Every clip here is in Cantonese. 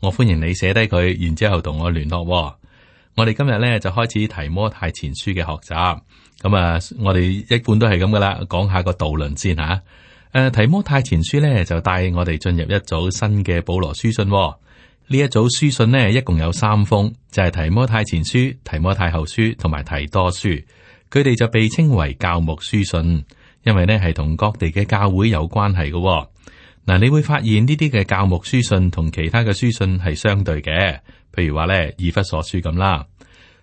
我歡迎你寫低佢，然之後同我聯絡、哦。我哋今日咧就開始提摩太前書嘅學習。咁、嗯、啊，我哋一般都係咁噶啦，講下個導論先吓。誒、啊，提摩太前書咧就帶我哋進入一組新嘅保羅書信、哦。呢一組書信呢，一共有三封，就係、是、提摩太前書、提摩太後書同埋提多書。佢哋就被稱為教牧書信，因為呢係同各地嘅教會有關係噶、哦。嗱，你會發現呢啲嘅教牧書信同其他嘅書信係相對嘅，譬如話咧《以弗所書》咁啦。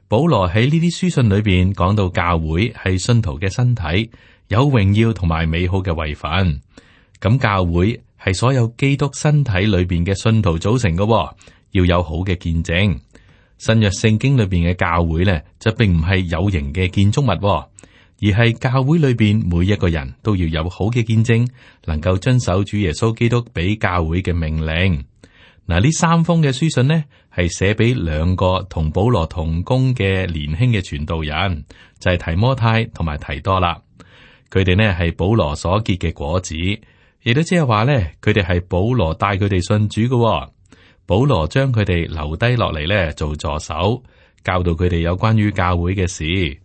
保羅喺呢啲書信裏邊講到教會係信徒嘅身體，有榮耀同埋美好嘅位份。咁教會係所有基督身體裏邊嘅信徒組成噶，要有好嘅見證。新約聖經裏邊嘅教會咧，就並唔係有形嘅建築物。而係教會裏邊每一個人都要有好嘅見證，能夠遵守主耶穌基督俾教會嘅命令。嗱，呢三封嘅書信呢，係寫俾兩個同保羅同工嘅年輕嘅傳道人，就係提摩太同埋提多啦。佢哋呢係保羅所結嘅果子，亦都即係話呢，佢哋係保羅帶佢哋信主嘅。保羅將佢哋留低落嚟呢，做助手，教導佢哋有關於教會嘅事。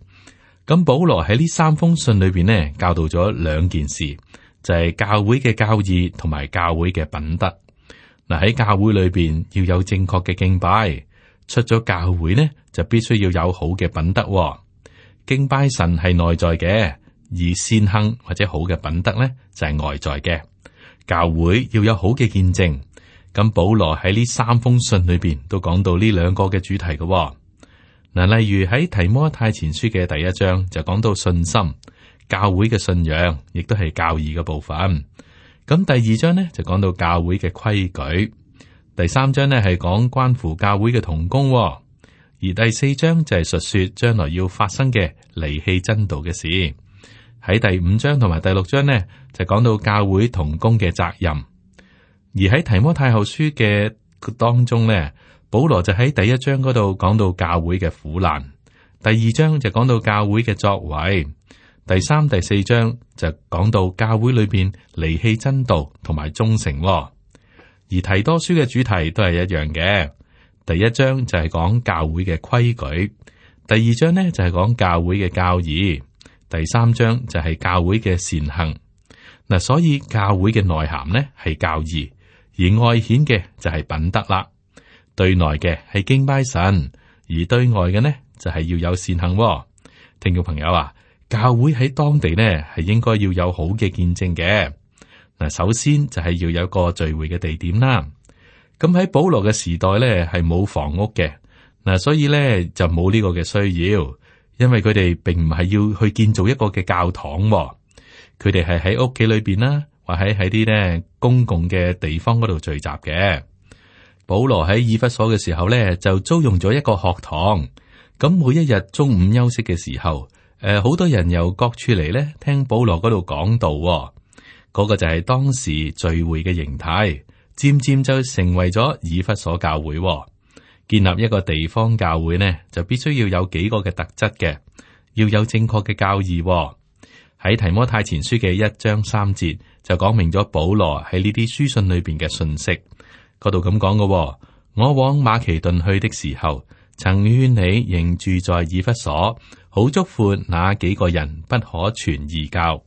咁保羅喺呢三封信裏邊呢，教導咗兩件事，就係、是、教會嘅教義同埋教會嘅品德。嗱，喺教會裏邊要有正確嘅敬拜，出咗教會呢，就必須要有好嘅品德、哦。敬拜神係內在嘅，而善行或者好嘅品德呢，就係、是、外在嘅。教會要有好嘅見證。咁保羅喺呢三封信裏邊都講到呢兩個嘅主題嘅、哦。嗱，例如喺提摩太前書嘅第一章就講到信心、教會嘅信仰，亦都係教義嘅部分。咁第二章呢就講到教會嘅規矩，第三章呢係講關乎教會嘅同工、哦，而第四章就係述說將來要發生嘅離棄真道嘅事。喺第五章同埋第六章呢就講到教會同工嘅責任，而喺提摩太後書嘅當中呢，保羅就喺第一章嗰度講到教會嘅苦難，第二章就講到教會嘅作為，第三、第四章就講到教會裏邊離棄真道同埋忠誠。而提多書嘅主題都係一樣嘅，第一章就係講教會嘅規矩，第二章呢就係講教會嘅教義，第三章就係教會嘅善行。嗱，所以教會嘅內涵呢係教義，而外顯嘅就係品德啦。對內嘅係敬拜神，而對外嘅呢就係、是、要有善行、哦。聽眾朋友啊，教會喺當地呢係應該要有好嘅見證嘅。嗱，首先就係要有一個聚會嘅地點啦。咁喺保羅嘅時代呢係冇房屋嘅，嗱，所以呢就冇呢個嘅需要，因為佢哋並唔係要去建造一個嘅教堂，哦，佢哋係喺屋企裏邊啦，或喺喺啲呢公共嘅地方嗰度聚集嘅。保羅喺以弗所嘅時候呢，就租用咗一個學堂，咁每一日中午休息嘅時候，誒、呃，好多人由各處嚟呢聽保羅嗰度講道，嗰、哦那個就係當時聚會嘅形態，漸漸就成為咗以弗所教會、哦。建立一個地方教會呢，就必須要有幾個嘅特質嘅，要有正確嘅教義。喺、哦、提摩太前書嘅一章三節就講明咗保羅喺呢啲書信裏邊嘅信息。嗰度咁講嘅，我往馬其頓去的時候，曾勸你仍住在以弗所，好囑咐那幾個人不可傳異教。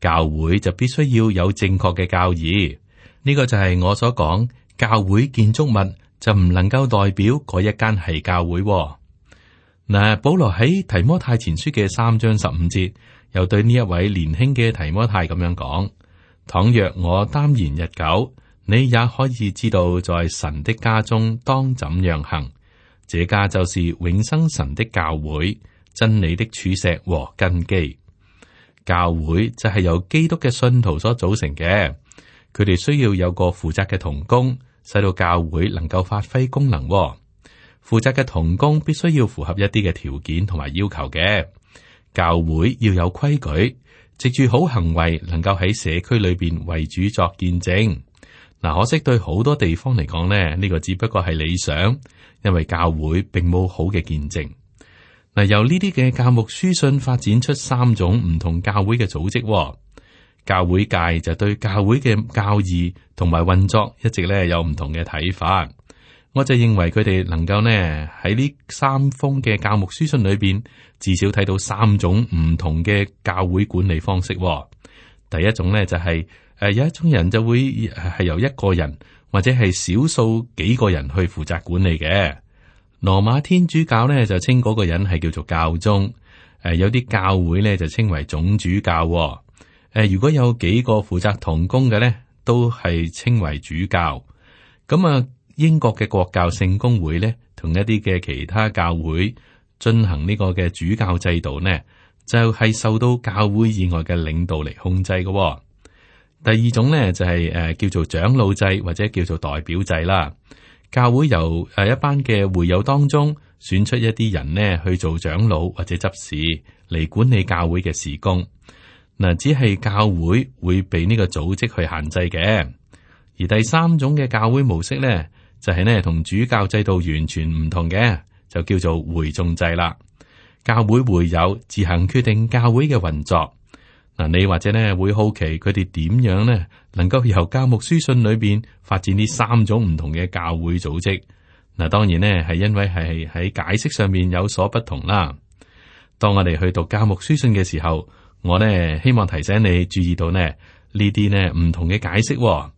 教會就必須要有正確嘅教義，呢、這個就係我所講，教會建築物就唔能夠代表嗰一間係教會、哦。嗱，保羅喺提摩太前書嘅三章十五節，又對呢一位年輕嘅提摩太咁樣講：倘若我耽延日久。你也可以知道，在神的家中當怎樣行。這家就是永生神的教會，真理的柱石和根基。教會就係由基督嘅信徒所組成嘅，佢哋需要有個負責嘅同工，使到教會能夠發揮功能、哦。負責嘅同工必須要符合一啲嘅條件同埋要求嘅。教會要有規矩，藉住好行為，能夠喺社區裏邊為主作見證。嗱，可惜對好多地方嚟講咧，呢、呢個只不過係理想，因為教會並冇好嘅見證。嗱，由呢啲嘅教牧書信發展出三種唔同教會嘅組織。教會界就對教會嘅教義同埋運作一直咧有唔同嘅睇法。我就認為佢哋能夠呢喺呢三封嘅教牧書信裏邊，至少睇到三種唔同嘅教會管理方式。第一種呢、就係，就係。誒、啊，有一種人就會係由一個人或者係少數幾個人去負責管理嘅。羅馬天主教呢，就稱嗰個人係叫做教宗。誒、啊，有啲教會呢，就稱為總主教、哦。誒、啊，如果有幾個負責同工嘅呢，都係稱為主教。咁啊，英國嘅國教聖公會呢，同一啲嘅其他教會進行呢個嘅主教制度呢，就係、是、受到教會以外嘅領導嚟控制嘅、哦。第二種呢，就係誒叫做長老制，或者叫做代表制啦，教會由誒一班嘅會友當中選出一啲人呢，去做長老或者執事嚟，管理教會嘅事工。嗱，只係教會會被呢個組織去限制嘅。而第三種嘅教會模式呢，就係呢同主教制度完全唔同嘅，就叫做會眾制啦。教會會友自行決定教會嘅運作。嗱，你或者咧會好奇佢哋點樣咧，能夠由教牧書信裏邊發展呢三種唔同嘅教會組織。嗱，當然呢，係因為係喺解釋上面有所不同啦。當我哋去讀教牧書信嘅時候，我呢希望提醒你注意到咧呢啲咧唔同嘅解釋。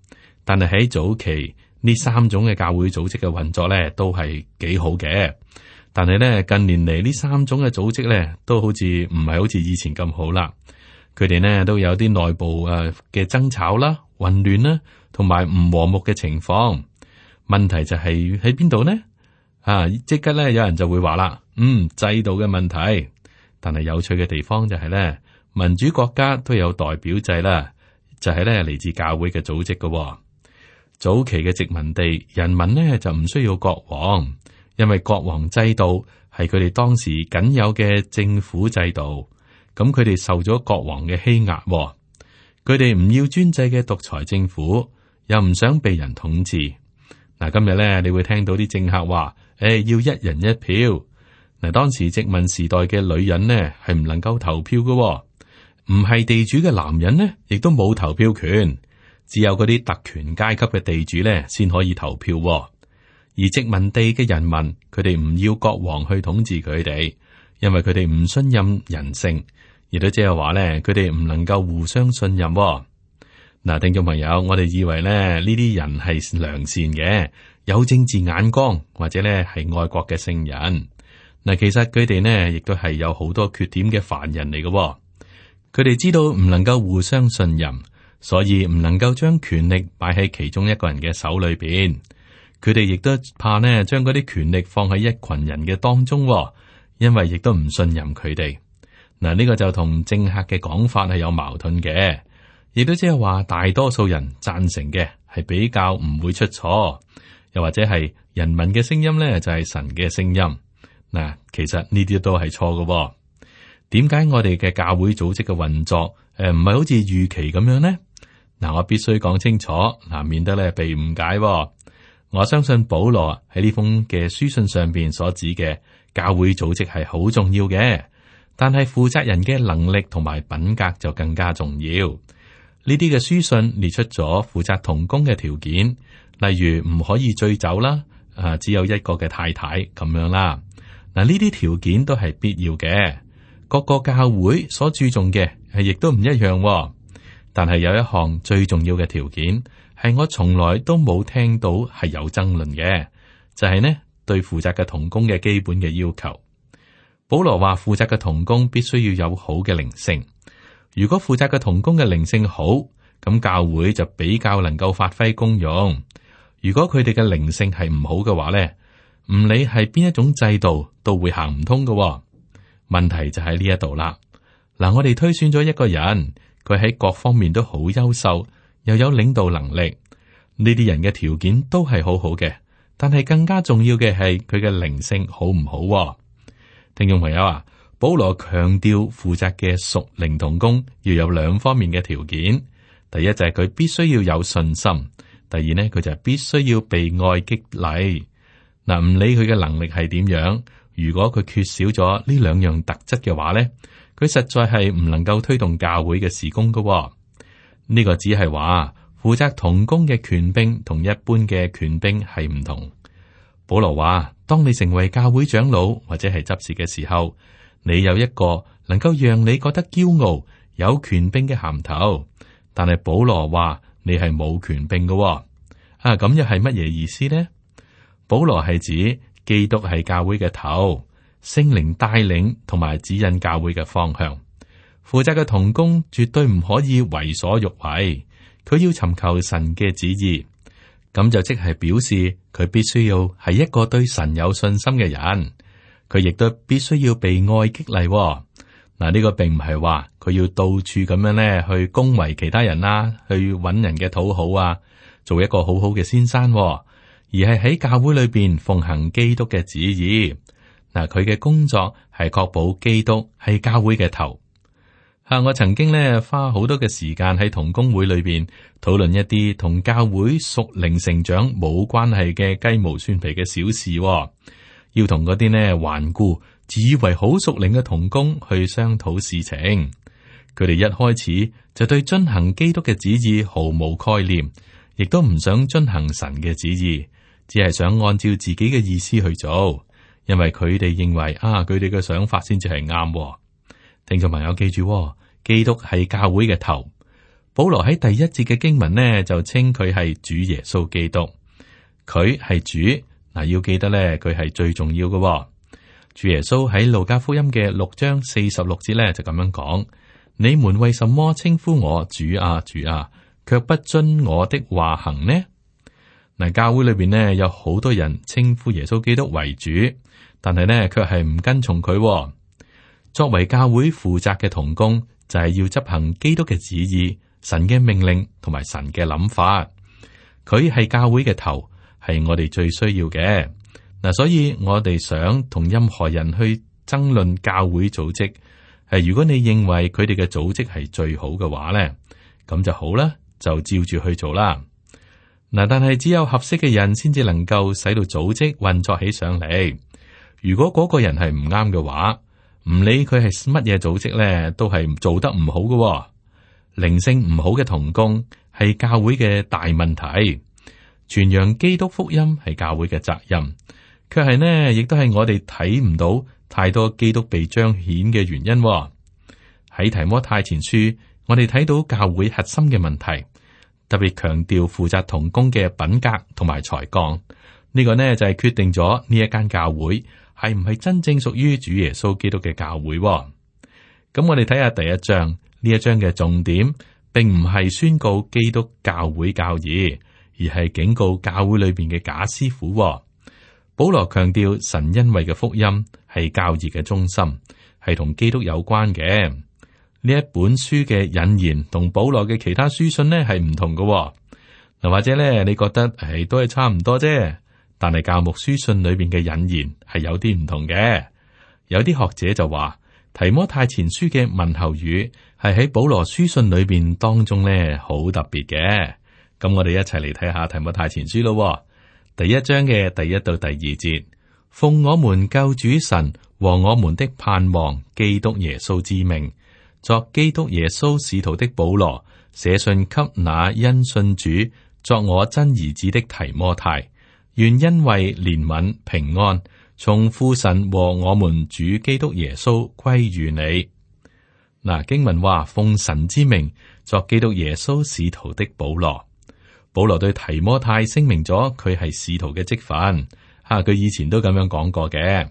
但係喺早期呢三種嘅教會組織嘅運作呢，都係幾好嘅。但係呢，近年嚟呢三種嘅組織呢，都好似唔係好似以前咁好啦。佢哋咧都有啲內部誒嘅爭吵啦、混亂啦，同埋唔和睦嘅情況。問題就係喺邊度呢？啊，即刻咧有人就會話啦，嗯，制度嘅問題。但係有趣嘅地方就係、是、咧，民主國家都有代表制啦，就係咧嚟自教會嘅組織噶、哦。早期嘅殖民地人民咧就唔需要國王，因為國王制度係佢哋當時僅有嘅政府制度。咁佢哋受咗國王嘅欺壓，佢哋唔要專制嘅獨裁政府，又唔想被人統治。嗱，今日咧你會聽到啲政客話：誒、欸，要一人一票。嗱，當時殖民時代嘅女人呢，係唔能夠投票嘅，唔係地主嘅男人呢，亦都冇投票權，只有嗰啲特權階級嘅地主咧先可以投票。而殖民地嘅人民，佢哋唔要國王去統治佢哋，因為佢哋唔信任人性。亦都即係話咧，佢哋唔能夠互相信任喎。嗱，聽眾朋友，我哋以為咧呢啲人係良善嘅，有政治眼光或者咧係愛國嘅聖人。嗱，其實佢哋呢，亦都係有好多缺點嘅凡人嚟嘅喎。佢哋知道唔能夠互相信任，所以唔能夠將權力擺喺其中一個人嘅手裏邊。佢哋亦都怕呢，將嗰啲權力放喺一群人嘅當中喎，因為亦都唔信任佢哋。嗱，呢個就同政客嘅講法係有矛盾嘅，亦都即係話大多數人贊成嘅係比較唔會出錯，又或者係人民嘅聲音咧就係神嘅聲音。嗱，其實呢啲都係錯嘅。點解我哋嘅教會組織嘅運作，誒唔係好似預期咁樣呢？嗱，我必須講清楚，嗱，免得咧被誤解。我相信保羅喺呢封嘅書信上邊所指嘅教會組織係好重要嘅。但係負責人嘅能力同埋品格就更加重要。呢啲嘅書信列出咗負責同工嘅條件，例如唔可以醉酒啦，啊只有一個嘅太太咁樣啦。嗱，呢啲條件都係必要嘅。各個教會所注重嘅係亦都唔一樣。但係有一項最重要嘅條件係我從來都冇聽到係有爭論嘅，就係、是、呢對負責嘅同工嘅基本嘅要求。保羅話：負責嘅童工必須要有好嘅靈性。如果負責嘅童工嘅靈性好，咁教會就比較能夠發揮功用。如果佢哋嘅靈性係唔好嘅話咧，唔理係邊一種制度都會行唔通嘅。問題就喺呢一度啦。嗱，我哋推選咗一個人，佢喺各方面都好優秀，又有領導能力，呢啲人嘅條件都係好好嘅。但係更加重要嘅係佢嘅靈性好唔好？聽眾朋友啊，保羅強調負責嘅屬靈同工要有兩方面嘅條件。第一就係佢必須要有信心；第二呢，佢就係必須要被愛激勵。嗱，唔理佢嘅能力係點樣，如果佢缺少咗呢兩樣特質嘅話呢，佢實在係唔能夠推動教會嘅事工噶。呢、這個只係話負責同工嘅權柄同一般嘅權柄係唔同。保羅話，當你成為教會長老或者係執事嘅時候，你有一個能夠讓你覺得驕傲、有權柄嘅銜頭。但係保羅話你係冇權柄嘅，啊咁又係乜嘢意思呢？保羅係指基督係教會嘅頭，聖靈帶領同埋指引教會嘅方向，負責嘅同工絕對唔可以為所欲為，佢要尋求神嘅旨意。咁就即係表示佢必須要係一個對神有信心嘅人，佢亦都必須要被愛激勵喎。嗱，呢個並唔係話佢要到處咁樣咧去恭維其他人啦，去搵人嘅討好啊，做一個好好嘅先生喎，而係喺教會裏邊奉行基督嘅旨意。嗱，佢嘅工作係確保基督係教會嘅頭。啊！我曾經咧花好多嘅時間喺同工會裏邊討論一啲同教會屬靈成長冇關係嘅雞毛蒜皮嘅小事。哦，要同嗰啲呢頑固自以為好屬靈嘅同工去商討事情。佢哋一開始就對遵行基督嘅旨意毫無概念，亦都唔想遵行神嘅旨意，只係想按照自己嘅意思去做，因為佢哋認為啊，佢哋嘅想法先至係啱。聽眾朋友記住，哦，基督係教會嘅頭。保羅喺第一節嘅經文呢，就稱佢係主耶穌基督，佢係主嗱，要記得咧，佢係最重要嘅，哦。主耶穌喺路加福音嘅六章四十六節咧，就咁樣講：你們為什麼稱呼我主啊主啊，卻不遵我的話行呢？嗱，教會裏邊呢有好多人稱呼耶穌基督為主，但係呢卻係唔跟從佢，哦。作為教會負責嘅同工，就係要執行基督嘅旨意、神嘅命令同埋神嘅諗法。佢係教會嘅頭，係我哋最需要嘅嗱。所以我哋想同任何人去爭論教會組織係。如果你認為佢哋嘅組織係最好嘅話咧，咁就好啦，就照住去做啦嗱。但係只有合適嘅人先至能夠使到組織運作起上嚟。如果嗰個人係唔啱嘅話，唔理佢係乜嘢組織咧，都係做得唔好噶。靈性唔好嘅同工係教會嘅大問題。傳揚基督福音係教會嘅責任，卻係呢亦都係我哋睇唔到太多基督被彰顯嘅原因。喺提摩太前書，我哋睇到教會核心嘅問題，特別強調負責同工嘅品格同埋才幹。呢、這個呢就係決定咗呢一間教會。係唔係真正屬於主耶穌基督嘅教會？咁我哋睇下第一章，呢一章嘅重點，並唔係宣告基督教會教義，而係警告教會裏邊嘅假師傅。保羅強調神恩惠嘅福音係教義嘅中心，係同基督有關嘅。呢一本書嘅引言同保羅嘅其他書信呢係唔同嘅。嗱或者呢你覺得係、哎、都係差唔多啫。但係教牧書信裏邊嘅引言係有啲唔同嘅。有啲學者就話提摩太前書嘅問候語係喺保羅書信裏邊當中呢，好特別嘅。咁我哋一齊嚟睇下提摩太前書咯。第一章嘅第一到第二節，奉我們救主神和我們的盼望基督耶穌之命，作基督耶穌使徒的保羅，寫信給那因信主作我真兒子的提摩太。願恩惠憐憫平安，從父神和我們主基督耶穌歸於你。嗱，經文話奉神之名作基督耶穌使徒的保羅，保羅對提摩太聲明咗佢係使徒嘅職份。吓、啊，佢以前都咁樣講過嘅。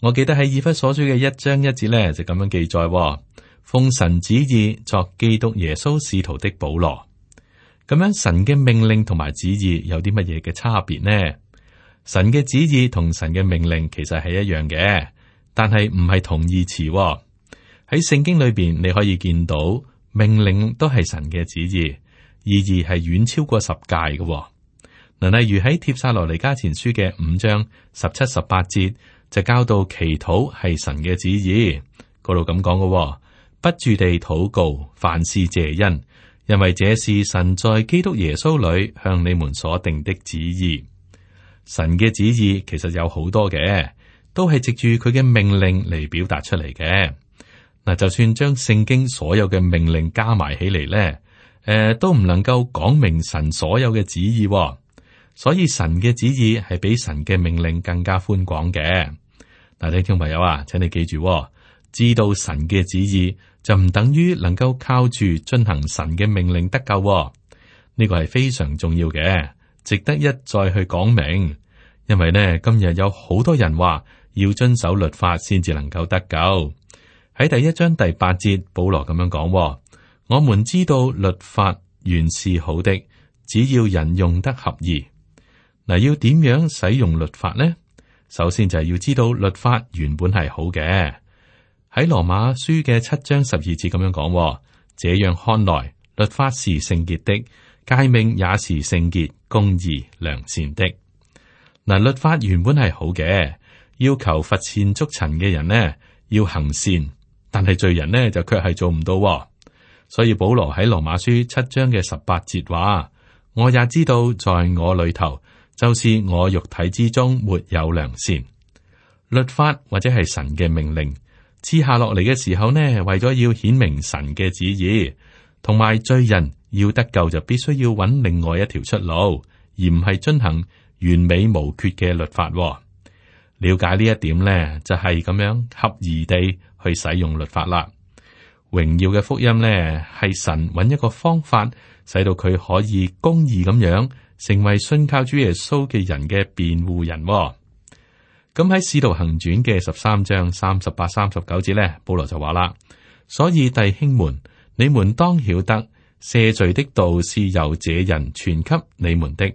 我記得喺以弗所書嘅一章一節咧，就咁樣記載、哦：，奉神旨意作基督耶穌使徒的保羅。咁樣神嘅命令同埋旨意有啲乜嘢嘅差別呢？神嘅旨意同神嘅命令其實係一樣嘅，但係唔係同義詞、哦。喺聖經裏邊你可以見到命令都係神嘅旨意，意義係遠超過十誡嘅、哦。嗱，例如喺帖撒羅尼迦前書嘅五章十七、十八節就教到祈禱係神嘅旨意，嗰度咁講嘅，不住地禱告，凡事謝恩。因為這是神在基督耶穌裏向你們所定的旨意，神嘅旨意其實有好多嘅，都係藉住佢嘅命令嚟表達出嚟嘅。嗱，就算將聖經所有嘅命令加埋起嚟咧，誒、呃，都唔能夠講明神所有嘅旨意、哦。所以神嘅旨意係比神嘅命令更加寬廣嘅。嗱，聽眾朋友啊，請你記住、哦，知道神嘅旨意。就唔等於能夠靠住遵行神嘅命令得救、哦，呢、這個係非常重要嘅，值得一再去講明。因為呢，今日有好多人話要遵守律法先至能夠得救。喺第一章第八節，保羅咁樣講、哦：我們知道律法原是好的，只要人用得合宜。嗱，要點樣使用律法呢？首先就係要知道律法原本係好嘅。喺羅馬書嘅七章十二節咁樣講，這樣看來，律法是聖潔的，誡命也是聖潔，公義良善的。嗱，律法原本係好嘅，要求佛錢捉塵嘅人呢，要行善，但係罪人呢就卻係做唔到。所以保羅喺羅馬書七章嘅十八節話：我也知道在我裏頭，就是我肉體之中沒有良善。律法或者係神嘅命令。賜下落嚟嘅時候呢，為咗要顯明神嘅旨意，同埋罪人要得救就必須要揾另外一條出路，而唔係遵行完美無缺嘅律法。了解呢一點呢，就係咁樣合宜地去使用律法啦。榮耀嘅福音呢，係神揾一個方法，使到佢可以公義咁樣成為信靠主耶穌嘅人嘅辯護人。咁喺《使徒行傳》嘅十三章三十八、三十九節咧，保羅就話啦：所以弟兄們，你們當曉得，赦罪的道是由這人傳給你們的。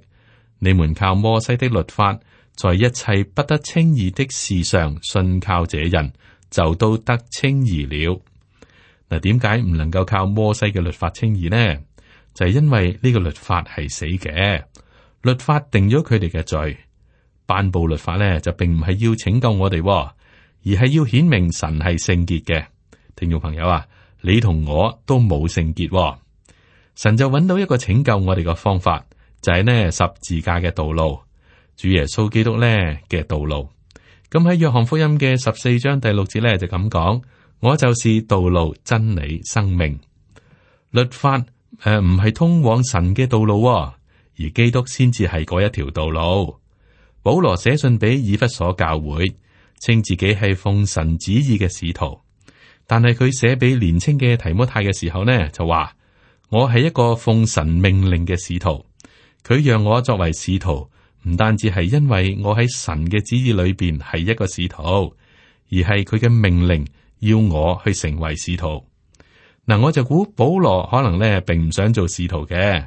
你們靠摩西的律法，在一切不得稱義的事上信靠這人，就都得稱義了。嗱，點解唔能夠靠摩西嘅律法稱義呢？就係因為呢個律法係死嘅，律法定咗佢哋嘅罪。頒布律法咧，就並唔係要拯救我哋，而係要顯明神係聖潔嘅。聽眾朋友啊，你同我都冇聖潔，神就揾到一個拯救我哋嘅方法，就係呢十字架嘅道路，主耶穌基督咧嘅道路。咁喺約翰福音嘅十四章第六節咧就咁講：我就是道路、真理、生命。律法誒唔係通往神嘅道路，而基督先至係嗰一條道路。保羅寫信俾以弗所教會，稱自己係奉神旨意嘅使徒。但係佢寫俾年青嘅提摩太嘅時候呢，就話我係一個奉神命令嘅使徒。佢讓我作為使徒，唔單止係因為我喺神嘅旨意裏邊係一個使徒，而係佢嘅命令要我去成為使徒。嗱、呃，我就估保羅可能呢並唔想做使徒嘅，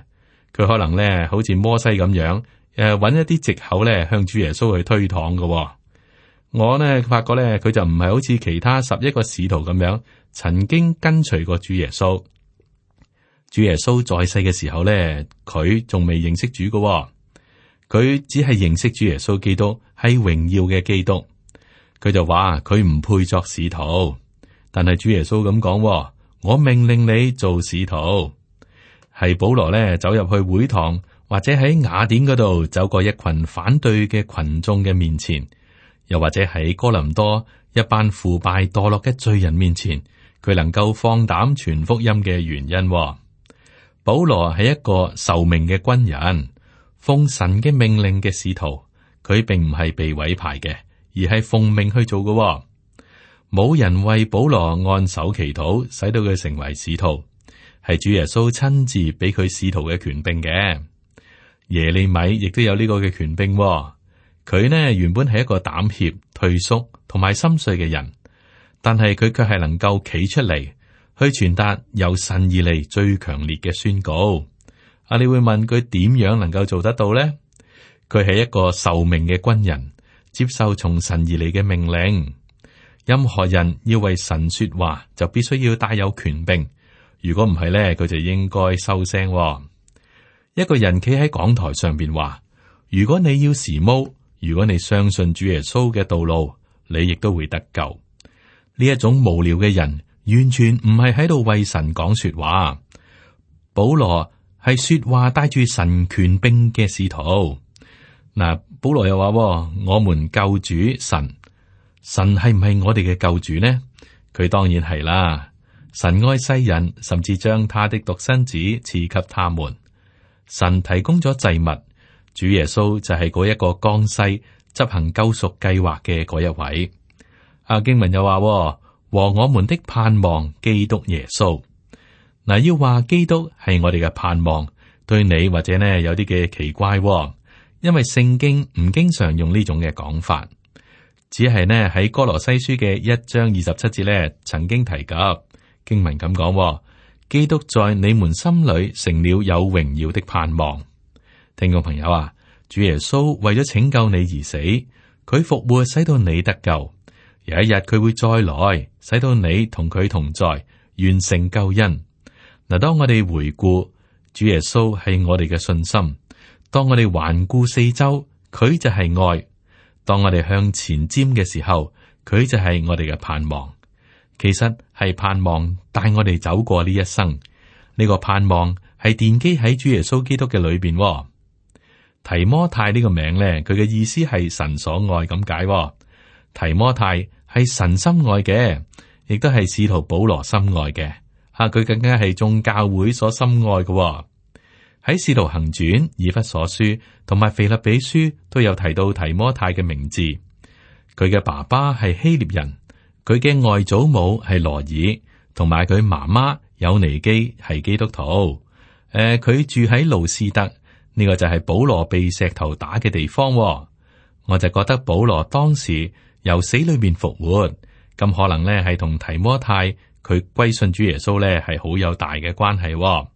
佢可能呢好似摩西咁樣。誒，揾一啲借口咧，向主耶穌去推搪嘅，哦。我呢發覺咧，佢就唔係好似其他十一個使徒咁樣，曾經跟隨過主耶穌。主耶穌在世嘅時候咧，佢仲未認識主嘅，哦。佢只係認識主耶穌基督係榮耀嘅基督。佢就話佢唔配作使徒，但係主耶穌咁講，我命令你做使徒。係保羅咧走入去會堂，或者喺雅典嗰度走過一群反對嘅群眾嘅面前，又或者喺哥林多一班腐敗墮落嘅罪人面前，佢能夠放膽傳福音嘅原因。保羅係一個受命嘅軍人，奉神嘅命令嘅使徒，佢並唔係被委派嘅，而係奉命去做嘅。冇人為保羅按手祈禱，使到佢成為使徒，係主耶穌親自俾佢使徒嘅權柄嘅。耶利米亦都有呢個嘅權柄。哦，佢呢原本係一個膽怯、退縮同埋心碎嘅人，但係佢卻係能夠企出嚟去傳達由神而嚟最強烈嘅宣告。啊，你會問佢點樣能夠做得到呢？佢係一個受命嘅軍人，接受從神而嚟嘅命令。任何人要為神說話，就必須要帶有權柄；如果唔係呢，佢就應該收聲。哦。一個人企喺講台上邊話：如果你要時髦，如果你相信主耶穌嘅道路，你亦都會得救。呢一種無聊嘅人完全唔係喺度為神講說話啊。保羅係說話帶住神權柄嘅使徒。嗱，保羅又話：我我們救主神，神係唔係我哋嘅救主呢？佢當然係啦。神愛世人，甚至將他的獨生子賜給他們。神提供咗祭物，主耶穌就係嗰一個江西執行救贖計劃嘅嗰一位。阿、啊、經文又話、哦：和我們的盼望，基督耶穌。嗱、啊，要話基督係我哋嘅盼望，對你或者呢有啲嘅奇怪，哦，因為聖經唔經常用呢種嘅講法，只係呢喺哥羅西書嘅一章二十七節呢曾經提及經文咁講。哦基督在你們心裏成了有榮耀的盼望。聽眾朋友啊，主耶穌為咗拯救你而死，佢復活使到你得救。有一日佢會再來，使到你同佢同在，完成救恩。嗱，當我哋回顧，主耶穌係我哋嘅信心；當我哋環顧四周，佢就係愛；當我哋向前瞻嘅時候，佢就係我哋嘅盼望。其實。係盼望帶我哋走過呢一生，呢、這個盼望係奠基喺主耶穌基督嘅裏邊、哦。提摩太呢個名咧，佢嘅意思係神所愛咁解、哦。提摩太係神心愛嘅，亦都係使徒保羅心愛嘅。吓、啊，佢更加係眾教會所心愛嘅、哦。喺使徒行傳、以弗所書同埋腓立比書都有提到提摩太嘅名字。佢嘅爸爸係希臘人。佢嘅外祖母係羅以，同埋佢媽媽友尼基係基督徒。誒、呃，佢住喺路司得，呢、這個就係保羅被石頭打嘅地方、哦。我就覺得保羅當時由死裏面復活，咁可能咧，係同提摩太佢歸信主耶穌咧，係好有大嘅關係、哦。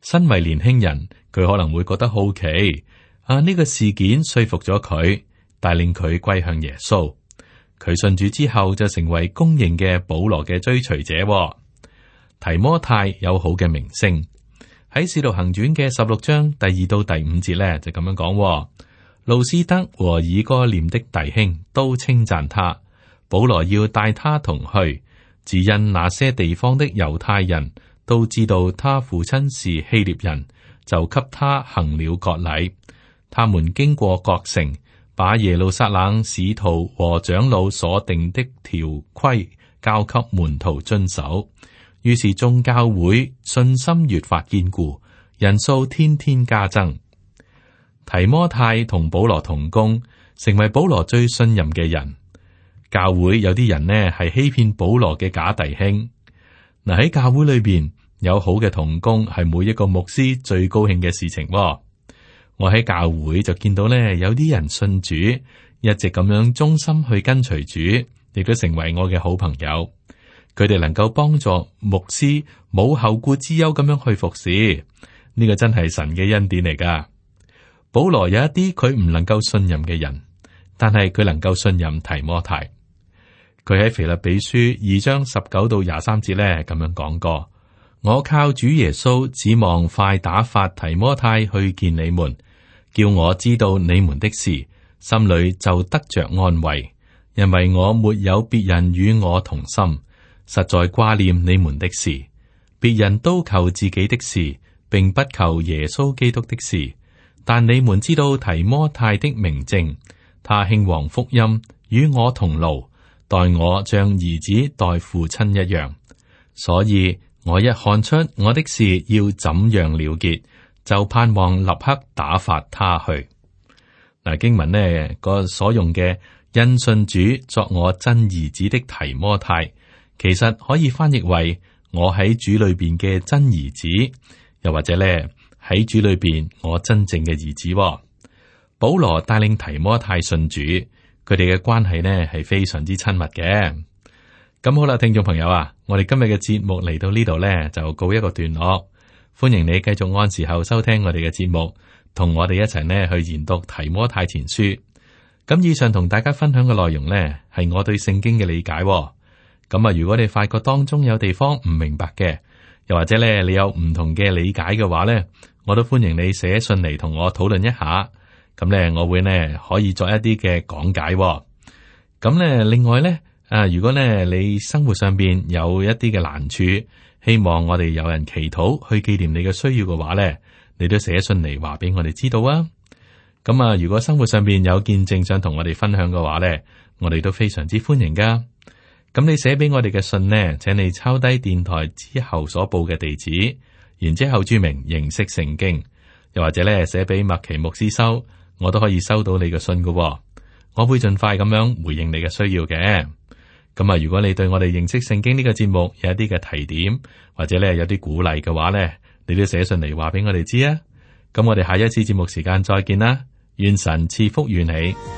身為年輕人，佢可能會覺得好奇。啊，呢、這個事件說服咗佢，帶領佢歸向耶穌。佢信主之後就成為公認嘅保羅嘅追隨者、哦。提摩太有好嘅名聲，喺《使徒行傳》嘅十六章第二到第五節呢,就咁樣講、哦：路斯德和以哥念的弟兄都稱讚他，保羅要帶他同去，只因那些地方的猶太人都知道他父親是希臘人，就給他行了割禮。他們經過各城。把耶路撒冷使徒和長老所定的條規交給門徒遵守，於是眾教會信心越發堅固，人數天天加增。提摩太同保羅同工，成為保羅最信任嘅人。教會有啲人呢係欺騙保羅嘅假弟兄。嗱，喺教會裏邊有好嘅同工，係每一個牧師最高興嘅事情。我喺教會就見到咧，有啲人信主，一直咁樣忠心去跟隨主，亦都成為我嘅好朋友。佢哋能夠幫助牧師冇後顧之憂咁樣去服侍，呢個真係神嘅恩典嚟噶。保羅有一啲佢唔能夠信任嘅人，但係佢能夠信任提摩太。佢喺腓立比書二章十九到廿三節咧咁樣講過：，我靠主耶穌，指望快打發提摩太去見你們。要我知道你們的事，心裏就得着安慰，因為我沒有別人與我同心，實在掛念你們的事。別人都求自己的事，並不求耶穌基督的事。但你們知道提摩太的明證，他興旺福音與我同勞，待我像兒子待父親一樣，所以我一看出我的事要怎樣了結。就盼望立刻打發他去嗱，經文呢個所用嘅因信主作我真兒子的提摩太，其實可以翻譯為我喺主裏邊嘅真兒子，又或者咧喺主裏邊我真正嘅兒子。保羅帶領提摩太信主，佢哋嘅關係呢係非常之親密嘅。咁好啦，聽眾朋友啊，我哋今日嘅節目嚟到呢度呢，就告一個段落。歡迎你繼續按時候收聽我哋嘅節目，同我哋一齊呢去研讀提摩太前書。咁以上同大家分享嘅內容呢，係我對聖經嘅理解。咁啊，如果你發覺當中有地方唔明白嘅，又或者呢你有唔同嘅理解嘅話呢，我都歡迎你寫信嚟同我討論一下。咁呢，我會呢可以作一啲嘅講解。咁呢，另外呢，啊，如果呢你生活上邊有一啲嘅難處。希望我哋有人祈禱去紀念你嘅需要嘅話呢，你都寫信嚟話俾我哋知道啊！咁啊，如果生活上面有見證想同我哋分享嘅話呢，我哋都非常之歡迎噶咁你寫俾我哋嘅信呢，請你抄低電台之後所報嘅地址，然之後注明認識聖經，又或者咧寫俾麥奇牧師收，我都可以收到你嘅信噶我會盡快咁樣回應你嘅需要嘅。咁啊，如果你對我哋認識聖經呢個節目有一啲嘅提點，或者咧有啲鼓勵嘅話咧，你都寫信嚟話俾我哋知啊！咁我哋下一次節目時間再見啦，願神賜福與你。